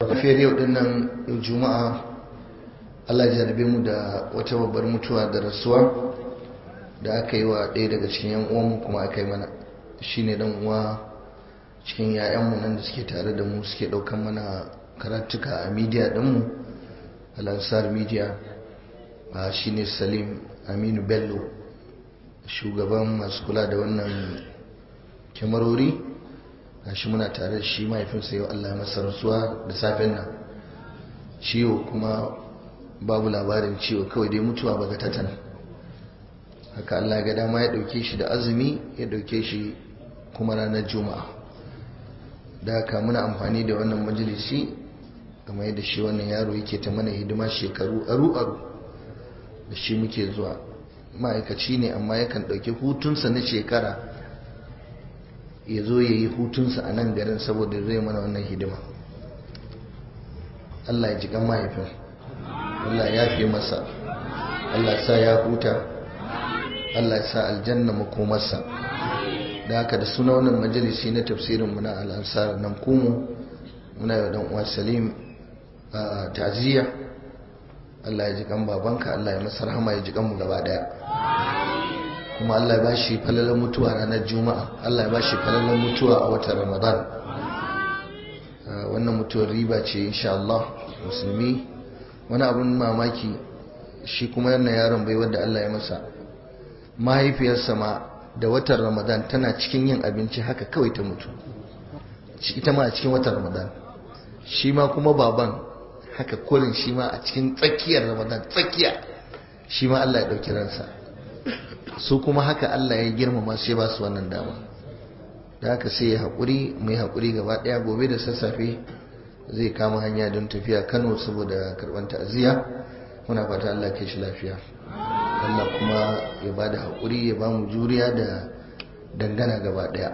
tafiyar yau din nan yau juma'a allah jarabe mu da wata babbar mutuwa da rasuwa da aka yi wa ɗaya daga cikin yan uwanmu kuma aka yi mana shine dan uwa cikin yayanmu nan da suke tare da mu suke ɗaukan mana karatuka a midiya ɗinmu alansar midiya a shine salim aminu bello shugaban masu kula da wannan kyamarori gashi muna tare da shi mahaifinsa yau Allah ya masa rasuwa da safen nan ciwo kuma babu labarin ciwo kawai dai mutuwa ba ga tatan haka Allah ga dama ya dauke shi da azumi ya dauke shi kuma ranar juma'a da haka muna amfani da wannan majalisi kamar yadda shi wannan yaro yake ta mana hidima shekaru aru aru da shi muke zuwa ma'aikaci ne amma yakan dauki hutunsa na shekara ya zo ya yi hutunsa a nan garin saboda zai mana wannan hidima Allah ya jikan mahaifin Allah ya fi masa Allah sa ya huta Allah sa aljanna makomarsa da haka da suna wannan majalisi na tafsirin muna al'ansar nan kuma muna yau dan uwa salim a taziya Allah ya jikan babanka Allah ya masar hama ya jikan mu gaba daya kuma Allah ya ba shi falalar mutuwa ranar juma'a Allah ya ba shi falalar mutuwa a watan ramadan ah, wannan mutuwar riba ce insha Allah musulmi wani abun mamaki shi kuma yana yaron bai wadda Allah ya masa mahaifiyarsa ma da watan ramadan tana cikin yin abinci haka kawai ta mutu ita ma a cikin watan ramadan shi ma kuma baban haka kolin shi ma a cikin tsakiyar ramadan tsakiya shi ma Allah ya ɗauki ransa su kuma haka Allah ya girmama sai ba su wannan dama da haka sai ya haƙuri mai haƙuri gaba ɗaya gobe da sassafe zai kama hanya don tafiya Kano saboda karban ta'aziyya muna fata Allah ke shi lafiya Allah kuma ya ba da haƙuri ya ba mu juriya da dangana gaba ɗaya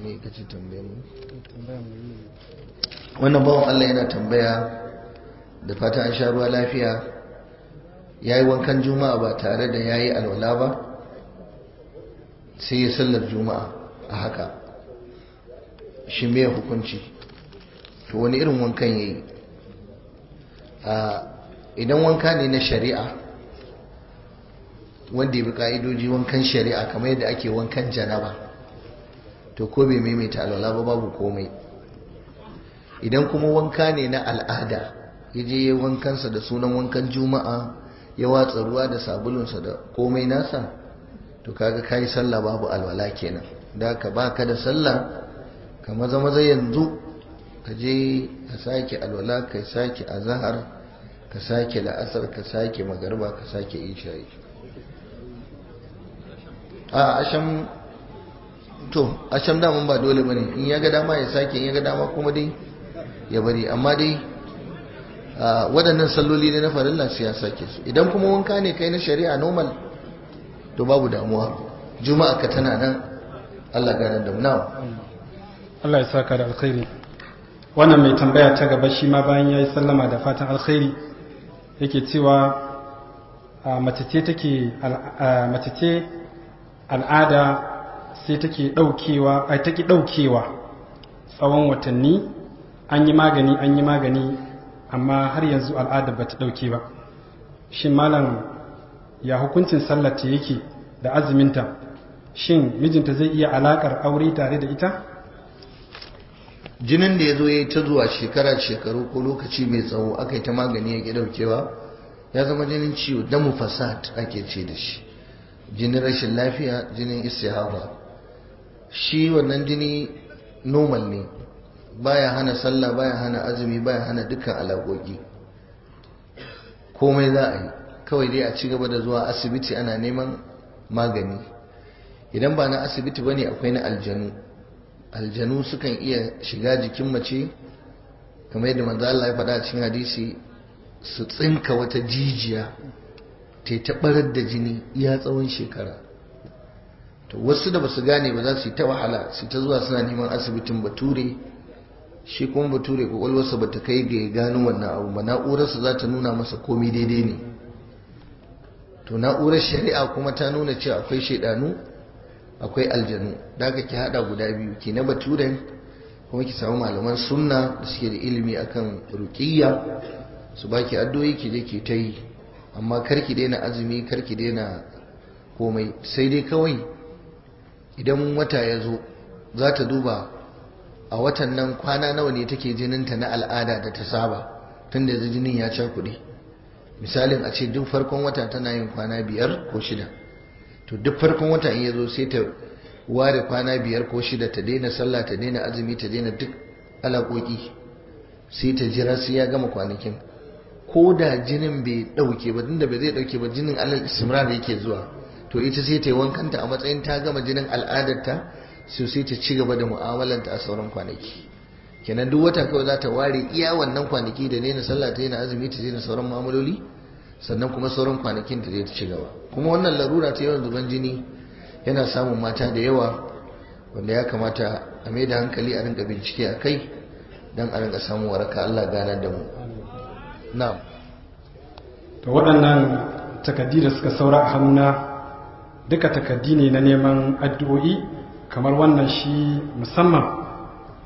me ka ce tambaya mu wannan bawan Allah yana tambaya da fata an sha ruwa lafiya ya yi wankan juma'a ba tare da ya yi alwala ba sai ya sallar juma'a a haka shi mai hukunci to wani irin wankan ya yi idan wanka ne na shari'a wanda ya bi ka'idoji wankan shari'a kamar yadda ake wankan janaba to ko bai maimaita alwala ba babu komai idan kuma wanka ne na al'ada ya je wankansa da sunan wankan juma'a ya watsa ruwa da sabulunsa da komai nasa to kaga kayi sallah babu alwala kenan da ka baka da sallah ka maza maza yanzu ka je ka sake alwala ka sake azahar ka sake la'asar ka sake magarba ka sake yi a asham to asham daman ba dole bane in ya ga dama ya sake in ya ga dama kuma dai ya bari amma dai Ah, waɗannan salloli ne na farilla sai ya sake su idan kuma wanka ne kai na shari'a normal to babu damuwa juma'a ka tana nan Allah gane da mu nawa Allah ya saka da alkhairi wannan mai tambaya ta gaba shi ma bayan ya yi sallama da fatan alkhairi yake cewa ah, mace ce take ah, mace ce al'ada sai take daukewa ai take daukewa tsawon watanni an yi magani an yi magani amma har yanzu al'ada ba ta ɗauke ba shin malam ya hukuncin sallar ta yake da azuminta shin mijinta zai iya alakar aure tare da ita jinin da ya zo ya yi ta zuwa shekara shekaru ko lokaci mai tsawo aka yi ta magani ya ke daukewa ya zama jinin ciwo da mu fasad ake ce da shi jinin rashin lafiya jinin hawa, shi wannan jini normal ne baya hana sallah baya hana azumi baya hana dukkan alagogi komai za a yi kawai dai a ci gaba da zuwa asibiti ana neman magani idan ba na asibiti ba ne akwai na aljanu aljanu sukan iya shiga jikin mace kamar yadda manzo Allah ya faɗa cikin hadisi su tsinka wata jijiya ta ta barar da jini ya tsawon shekara to wasu da basu gane ba za su yi ta wahala su ta zuwa suna neman asibitin bature shi kuma bature kwakwalwarsa ba ta kai ga gano wannan abu ba na'urarsa za ta nuna masa komi daidai ne to na'urar shari'a kuma ta nuna cewa akwai shaidanu akwai aljanu da aka ki hada guda biyu ki na baturen kuma ki samu malaman sunna da suke da ilimi akan ruqiyya su baki addu'o'i ki je ki ta yi amma kar ki daina azumi kar ki daina komai sai dai kawai idan wata ya zo za ta duba a watan nan kwana nawa ne take ta na al'ada da ta saba tun da jinin ya cakuɗe misalin a ce duk farkon wata tana yin kwana biyar ko shida to duk farkon wata in ya zo sai ta ware kwana biyar ko shida ta daina sallah ta daina azumi ta daina duk alaƙoƙi sai ta jira sai ya gama kwanakin ko da jinin bai ɗauke ba tunda bai zai ɗauke ba jinin alal istimrar yake zuwa to ita sai ta yi wankanta a matsayin ta gama jinin al'adarta Sosai sai ta ci gaba da mu'amalanta a sauran kwanaki kenan duk wata kawai za ta ware iya wannan kwanaki da daina sallah ta yana azumi ta daina sauran mu'amaloli sannan kuma sauran kwanakin da zai ta ci gaba kuma wannan larura ta yawan zuban jini yana samun mata da yawa wanda ya kamata a mai da hankali a rinka bincike a kai don a rinka samun waraka Allah ganar da mu na'am to waɗannan takaddi da suka saura a duka takaddi ne na neman addu'o'i kamar wannan shi musamman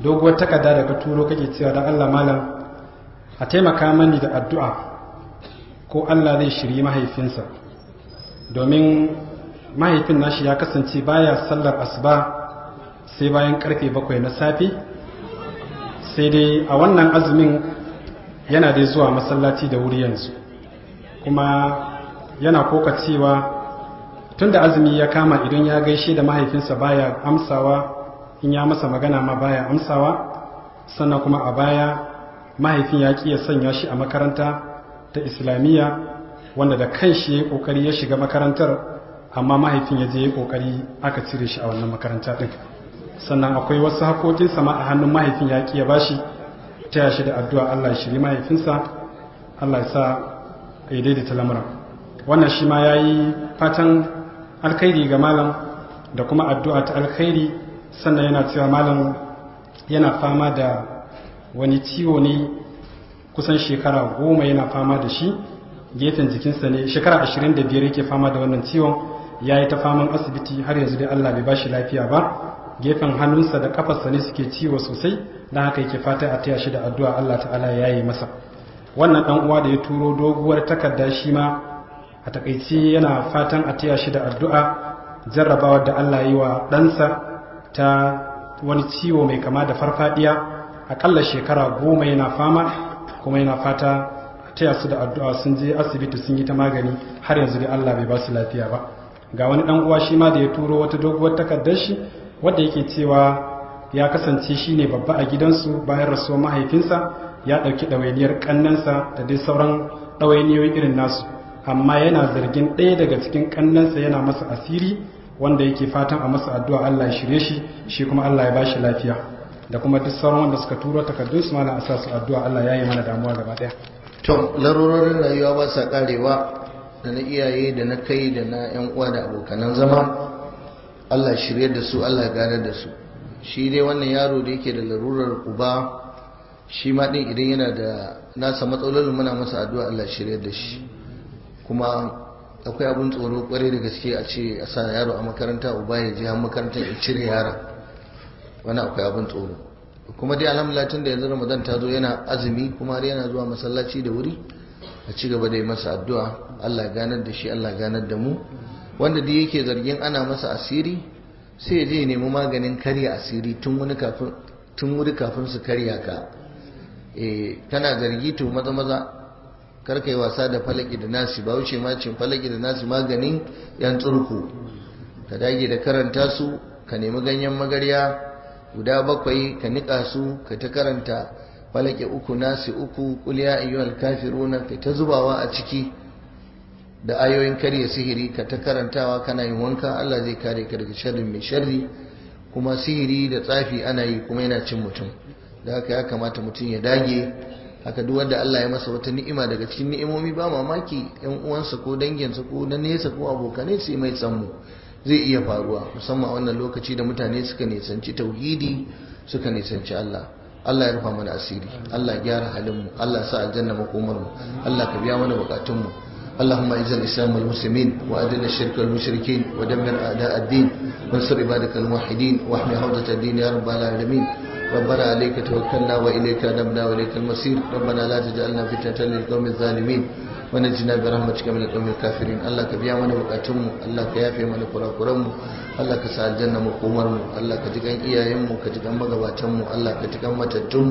doguwar takarda da ka turo kake cewa da Allah malam a taimaka mani da addu'a ko Allah zai shirya mahaifinsa domin mahaifin nashi ya kasance baya sallar asuba sai bayan karfe bakwai na safe sai dai a wannan azumin yana dai zuwa masallaci da wuri yanzu kuma yana koka cewa Tun da azumi ya kama idan ya gaishe da mahaifinsa baya amsawa in ya masa magana ma baya amsawa sannan kuma a baya mahaifin ya ƙi ya sanya shi a makaranta ta islamiyya wanda da kan shi ya yi ƙoƙari ya shiga makarantar amma mahaifin ya je ya ƙoƙari aka cire shi a wannan makaranta ɗin sannan akwai wasu haƙoƙin sama a hannun mahaifin ya ƙi ya bashi taya shi da addu'a Allah ya shiri mahaifinsa Allah ya sa ya daidaita lamura wannan shi ma ya yi fatan alkhairi ga malam da kuma addu'a ta alkhairi sannan yana cewa malam yana fama da wani ciwo ne kusan shekara goma yana fama da shi gefen jikinsa ne shekara ashirin da biyar yake fama da wannan ciwon ya yi ta faman asibiti har yanzu dai allah bai ba shi lafiya ba gefen hannunsa da kafarsa ne suke ciwo sosai don haka yake fata a taya shi da addu'a allah ta'ala ya yi masa wannan dan uwa da ya turo doguwar takarda shi ma a takaici yana fatan a taya shi da addu'a jarrabawa da Allah yi wa ɗansa ta wani ciwo mai kama da farfadiya akalla shekara goma yana fama kuma yana fata a taya su da addu'a sun je asibiti sun yi ta magani har yanzu da Allah bai ba su lafiya ba ga wani ɗan uwa shi ma da ya turo wata doguwar takardar shi wanda yake cewa ya kasance shine babba a gidansu bayan rasuwar mahaifinsa ya ɗauki ɗawainiyar ƙannansa da dai sauran ɗawainiyoyi irin nasu amma yana zargin ɗaya daga cikin ƙannansa yana masa asiri wanda yake fatan a masa addu'a Allah ya shirye shi shi kuma Allah ya bashi lafiya da kuma duk sauran wanda suka turo takardun su mana asa su addu'a Allah ya yi mana damuwa gaba ɗaya to larurorin rayuwa ba sa karewa da na iyaye da na kai da na yan uwa da abokanan zama Allah shirye da su Allah gane da su shi dai wannan yaro da yake da larurar uba shi ma din idan yana da nasa matsalolin muna masa addu'a Allah shirye da shi kuma akwai abin tsoro kwarai da gaske a ce a sa yaro a makaranta uba ya je har makaranta ya cire yaron wani akwai abin tsoro kuma dai alhamdulillah tun da yanzu ramadan ta zo yana azumi kuma har yana zuwa masallaci da wuri a ci gaba da yi masa addu'a Allah ganar da shi Allah ganar da mu wanda duk yake zargin ana masa asiri sai ya je ya nemi maganin karya asiri tun wani kafin wuri kafin su karya ka eh kana zargi to maza maza karka yi wasa da falaki da nasi ba wuce macin falaki da nasi maganin yan tsurku ka dage da karanta su ka nemi ganyen magarya guda bakwai ka niƙa su ka ta karanta falaki uku nasi uku kuliya ayyuhal kafiruna ka ta zubawa a ciki da ayoyin karya sihiri ka ta karantawa kana yin wanka Allah zai kare ka daga sharrin mai sharri kuma sihiri da tsafi ana yi kuma yana cin mutum da haka ya kamata mutum ya dage haka duk wanda Allah ya masa wata ni'ima daga cikin ni'imomi ba mamaki yan uwansa ko danginsa ko na nesa ko abokanai sai mai tsammu zai iya faruwa musamman a wannan lokaci da mutane suka nisanci tauhidi suka nisanci Allah Allah ya rufa mana asiri Allah ya gyara halin mu Allah ya sa aljanna makomar mu Allah ka biya mana bukatun mu اللهم اعز الاسلام والمسلمين واذل الشرك والمشركين ودمر اعداء الدين وانصر عبادك الموحدين واحمي حوضه الدين يا رب العالمين ربنا عليك توكلنا وإليك نبنا وإليك المصير ربنا لا تجعلنا فتنة للقوم الظالمين ونجنا برحمتك من القوم الكافرين الله كبيا من بقاتهم الله كيافي من قراقرهم الله كسال الجنة مقومهم الله كتكن إياهم كتكن مغباتهم الله كتكن متجهم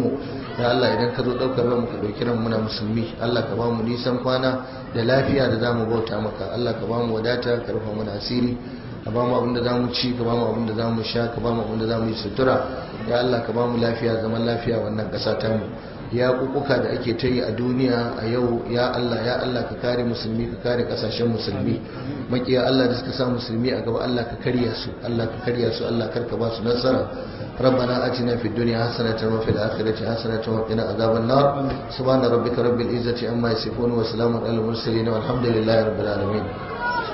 يا الله إذا كذو دوك الرم كبيرهم من مسلمي الله كبام نيسا قانا دلافيا دزام بوتا مكا الله كبام وداتا كرفا من أسيري ka ba mu abin da za mu ci ka ba mu abin da za mu sha ka ba mu abin da za mu yi sutura ya Allah ka ba mu lafiya zaman lafiya wannan ƙasa ta mu ya kukuka da ake ta yi a duniya a yau ya Allah ya Allah ka kare musulmi ka kare kasashen musulmi makiya Allah da suka sa musulmi a gaba Allah ka karya su Allah ka karya su Allah karka ba su nasara ربنا آتنا في الدنيا حسنة وفي الآخرة حسنة وقنا عذاب النار سبحان ربك رب العزة عما يصفون وسلام على المرسلين والحمد لله رب العالمين